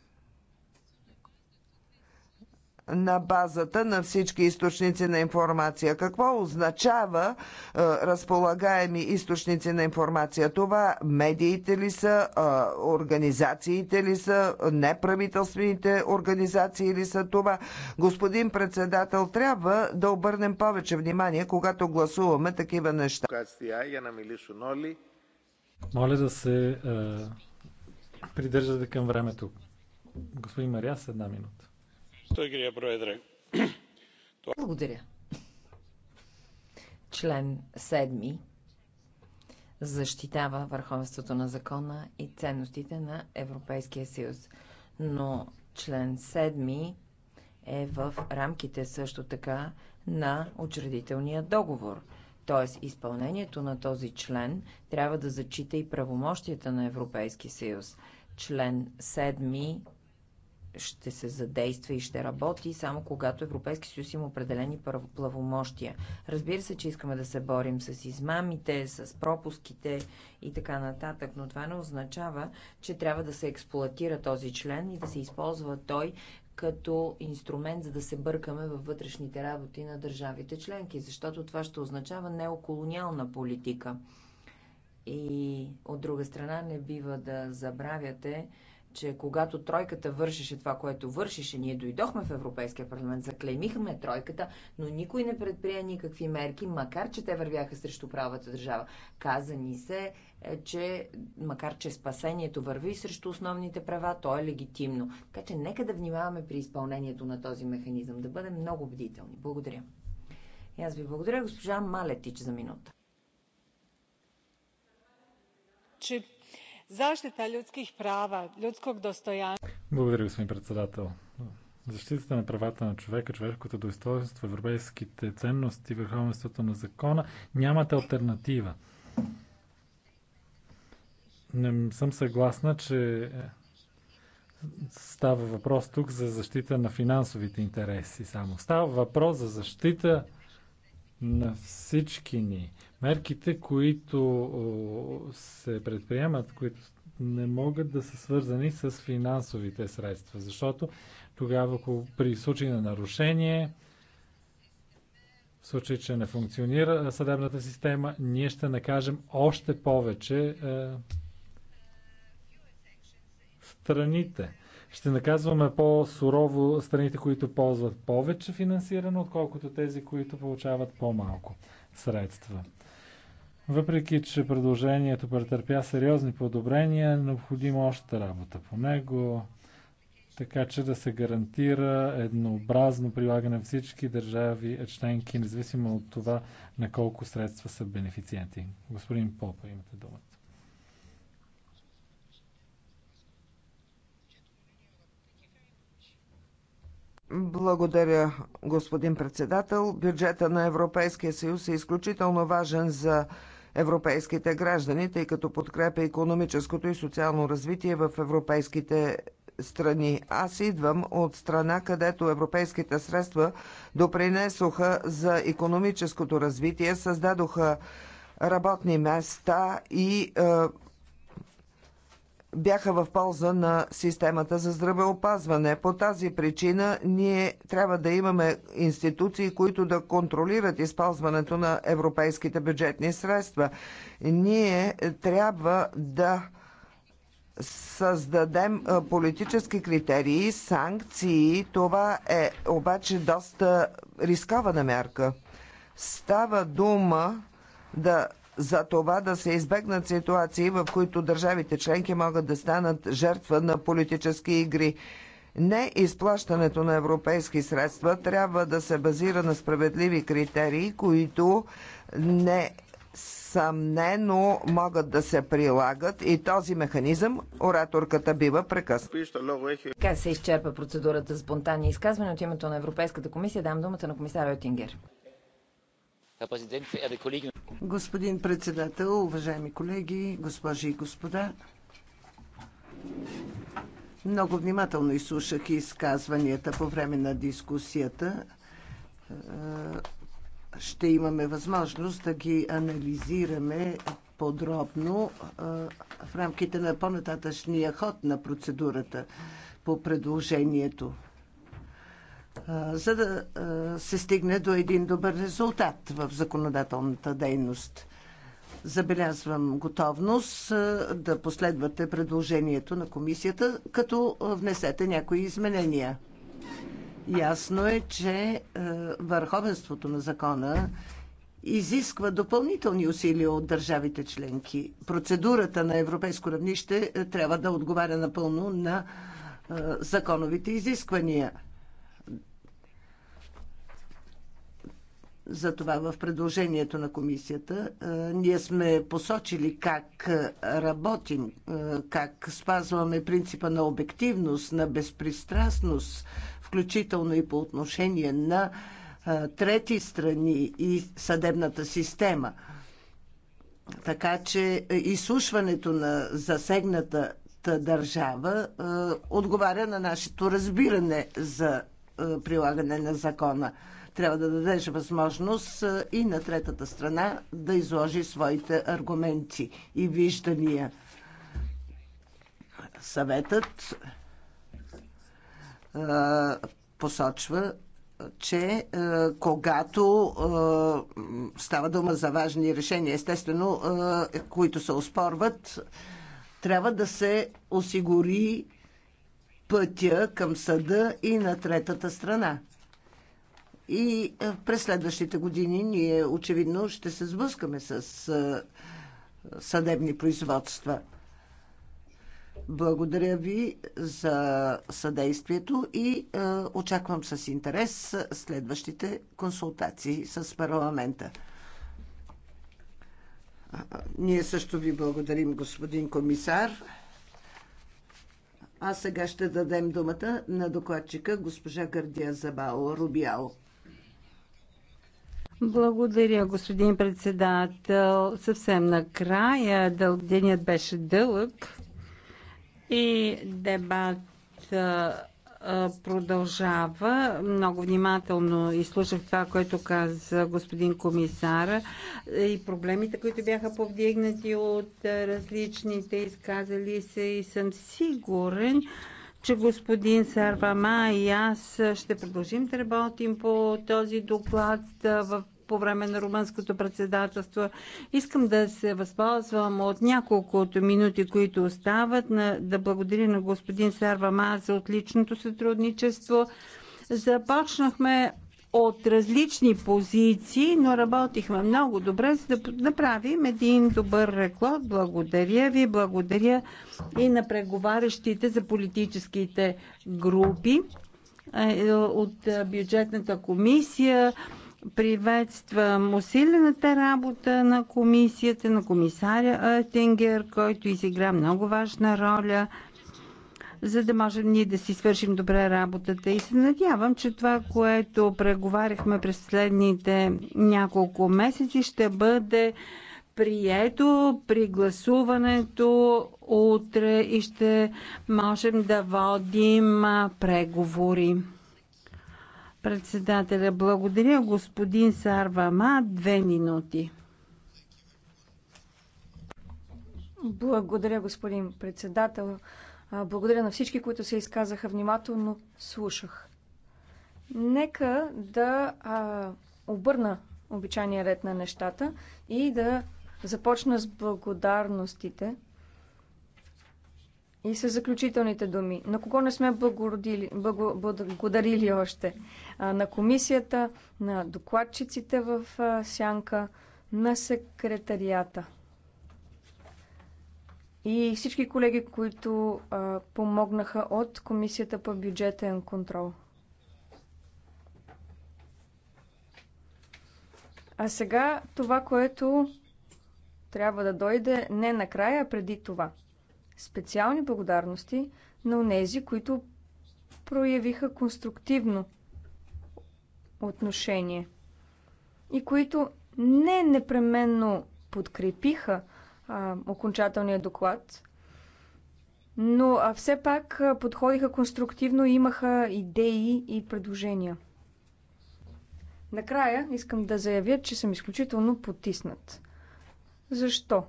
на базата на всички източници на информация. Какво означава е, разполагаеми източници на информация? Това медиите ли са, е, организациите ли са, неправителствените организации ли са това? Господин председател, трябва да обърнем повече внимание, когато гласуваме такива неща. Моля да се е, придържате към времето. Господин с една минута. Благодаря. Член 7 защитава върховенството на закона и ценностите на Европейския съюз. Но член 7 е в рамките също така на учредителния договор. Т.е. изпълнението на този член трябва да зачита и правомощията на Европейския съюз. Член ще се задейства и ще работи само когато Европейски съюз има определени плавомощия. Разбира се, че искаме да се борим с измамите, с пропуските и така нататък, но това не означава, че трябва да се експлуатира този член и да се използва той като инструмент, за да се бъркаме във вътрешните работи на държавите членки, защото това ще означава неоколониална политика. И от друга страна не бива да забравяте, че когато тройката вършеше това, което вършеше, ние дойдохме в Европейския парламент, заклеймихме тройката, но никой не предприе никакви мерки, макар че те вървяха срещу правата държава. Каза ни се, е, че макар че спасението върви срещу основните права, то е легитимно. Така че нека да внимаваме при изпълнението на този механизъм, да бъдем много бдителни. Благодаря. И аз ви благодаря, госпожа Малетич, за минута. Че Защита людских права, людскog достоянства. Благодаря, господин председател. Защитата на правата на човека, човешкото достоинство, европейските ценности, върховенството на закона нямат альтернатива. Не съм съгласна, че става въпрос тук за защита на финансовите интереси само. Става въпрос за защита на всички ни. Мерките, които се предприемат, които не могат да са свързани с финансовите средства, защото тогава, ако при случай на нарушение, в случай, че не функционира съдебната система, ние ще накажем още повече е, страните. Ще наказваме по-сурово страните, които ползват повече финансиране, отколкото тези, които получават по-малко средства. Въпреки, че предложението претърпя сериозни подобрения, е необходима още работа по него, така че да се гарантира еднообразно прилагане всички държави членки, независимо от това на колко средства са бенефициенти. Господин Попа, имате думата. Благодаря, господин председател. Бюджета на Европейския съюз е изключително важен за европейските граждани, тъй като подкрепя економическото и социално развитие в европейските страни. Аз идвам от страна, където европейските средства допринесоха за економическото развитие, създадоха работни места и е, бяха в полза на системата за здравеопазване. По тази причина ние трябва да имаме институции, които да контролират използването на европейските бюджетни средства. Ние трябва да създадем политически критерии, санкции. Това е обаче доста рискована мярка. Става дума да за това да се избегнат ситуации, в които държавите членки могат да станат жертва на политически игри. Не изплащането на европейски средства трябва да се базира на справедливи критерии, които не съмнено могат да се прилагат и този механизъм ораторката бива прекъсна. Така се изчерпа процедурата за спонтанни изказвания от името на Европейската комисия. Дам думата на комисар Йотингер. Господин председател, уважаеми колеги, госпожи и господа, много внимателно изслушах изказванията по време на дискусията. Е, ще имаме възможност да ги анализираме подробно е, в рамките на по-нататъчния ход на процедурата по предложението за да се стигне до един добър резултат в законодателната дейност. Забелязвам готовност да последвате предложението на комисията, като внесете някои изменения. Ясно е, че върховенството на закона изисква допълнителни усилия от държавите членки. Процедурата на европейско равнище е, трябва да отговаря напълно на законовите изисквания. Затова в предложението на комисията ние сме посочили как работим, как спазваме принципа на обективност, на безпристрастност, включително и по отношение на трети страни и съдебната система. Така че изслушването на засегната държава отговаря на нашето разбиране за прилагане на закона. Трябва да дадеш възможност и на третата страна да изложи своите аргументи и виждания. Съветът посочва, че когато става дума за важни решения, естествено, които се оспорват, трябва да се осигури пътя към съда и на третата страна. И е, през следващите години ние очевидно ще се сблъскаме с е, съдебни производства. Благодаря ви за съдействието и е, очаквам с интерес следващите консултации с парламента. Ние също ви благодарим, господин комисар. А сега ще дадем думата на докладчика госпожа Гардия Забао Рубиал. Благодаря, господин председател. Съвсем накрая дъл... денят беше дълъг и дебат продължава. Много внимателно изслушах това, което каза господин комисара и проблемите, които бяха повдигнати от различните изказали се и съм сигурен, че господин Сарвама и аз ще продължим да работим по този доклад в по време на румънското председателство. Искам да се възползвам от от минути, които остават, на, да благодаря на господин Сарва Сарвама за отличното сътрудничество. Започнахме от различни позиции, но работихме много добре, за да направим един добър реклад. Благодаря ви, благодаря и на преговарящите за политическите групи е, от бюджетната комисия, Приветствам усилената работа на комисията, на комисаря Оттингер, който изигра много важна роля, за да можем ние да си свършим добре работата. И се надявам, че това, което преговаряхме през следните няколко месеци, ще бъде прието при гласуването утре и ще можем да водим преговори. Председателя, благодаря господин Сарвама. Две минути. Благодаря, господин председател. Благодаря на всички, които се изказаха внимателно. Слушах. Нека да а, обърна обичайния ред на нещата и да започна с благодарностите и с заключителните думи. На кого не сме благодарили, благодарили още? На комисията, на докладчиците в сянка, на секретарията. И всички колеги, които а, помогнаха от Комисията по бюджетен контрол. А сега това, което трябва да дойде не накрая, а преди това – специални благодарности на онези, които проявиха конструктивно отношение и които не непременно подкрепиха а, окончателния доклад, но а все пак подходиха конструктивно и имаха идеи и предложения. Накрая искам да заявя, че съм изключително потиснат. Защо?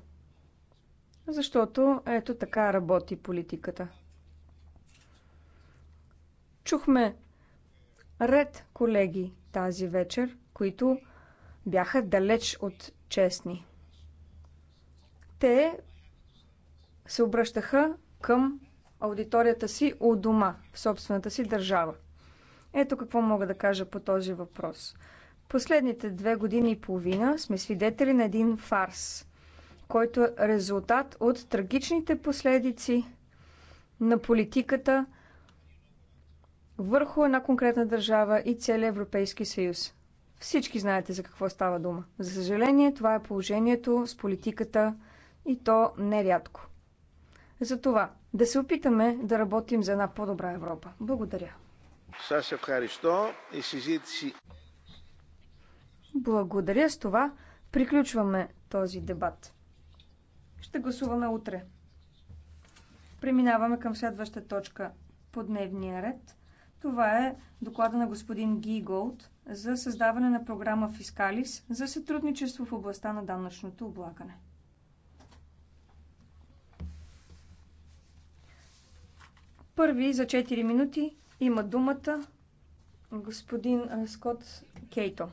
Защото ето така работи политиката. Чухме ред колеги тази вечер, които бяха далеч от честни. Те се обръщаха към аудиторията си у дома, в собствената си държава. Ето какво мога да кажа по този въпрос. Последните две години и половина сме свидетели на един фарс – който е резултат от трагичните последици на политиката върху една конкретна държава и целия Европейски съюз. Всички знаете за какво става дума. За съжаление, това е положението с политиката и то нерядко. Затова да се опитаме да работим за една по-добра Европа. Благодаря. Благодаря с това. Приключваме този дебат. Ще гласуваме утре. Преминаваме към следваща точка по дневния ред. Това е доклада на господин Голд за създаване на програма Фискалис за сътрудничество в областта на данъчното облагане. Първи за 4 минути има думата господин Скот Кейто.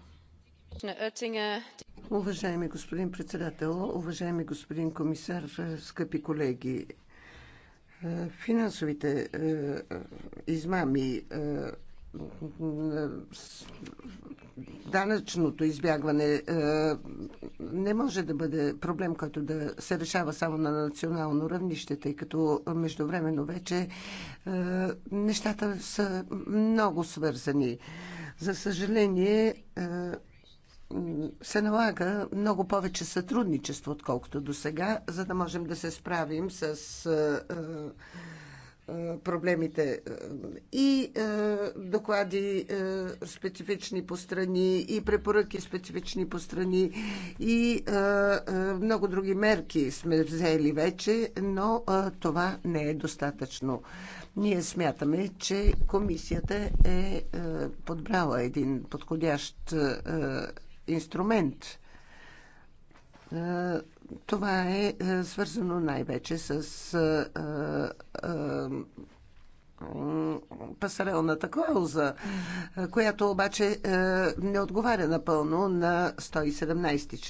Уважаеми господин председател, уважаеми господин комисар, е, скъпи колеги, е, финансовите е, измами, данъчното избягване не може да бъде проблем, който да се решава само на национално равнище, тъй като междувременно вече нещата са много свързани. За съжаление, се налага много повече сътрудничество, отколкото до сега, за да можем да се справим с е, е, е, проблемите и доклади специфични по страни, и препоръки специфични по страни, и много други мерки сме взели вече, но това не е достатъчно. Ние смятаме, че комисията е подбрала един подходящ инструмент. Е, това е, е свързано най-вече с е, пасарелната клауза, която обаче не отговаря напълно на 117 ти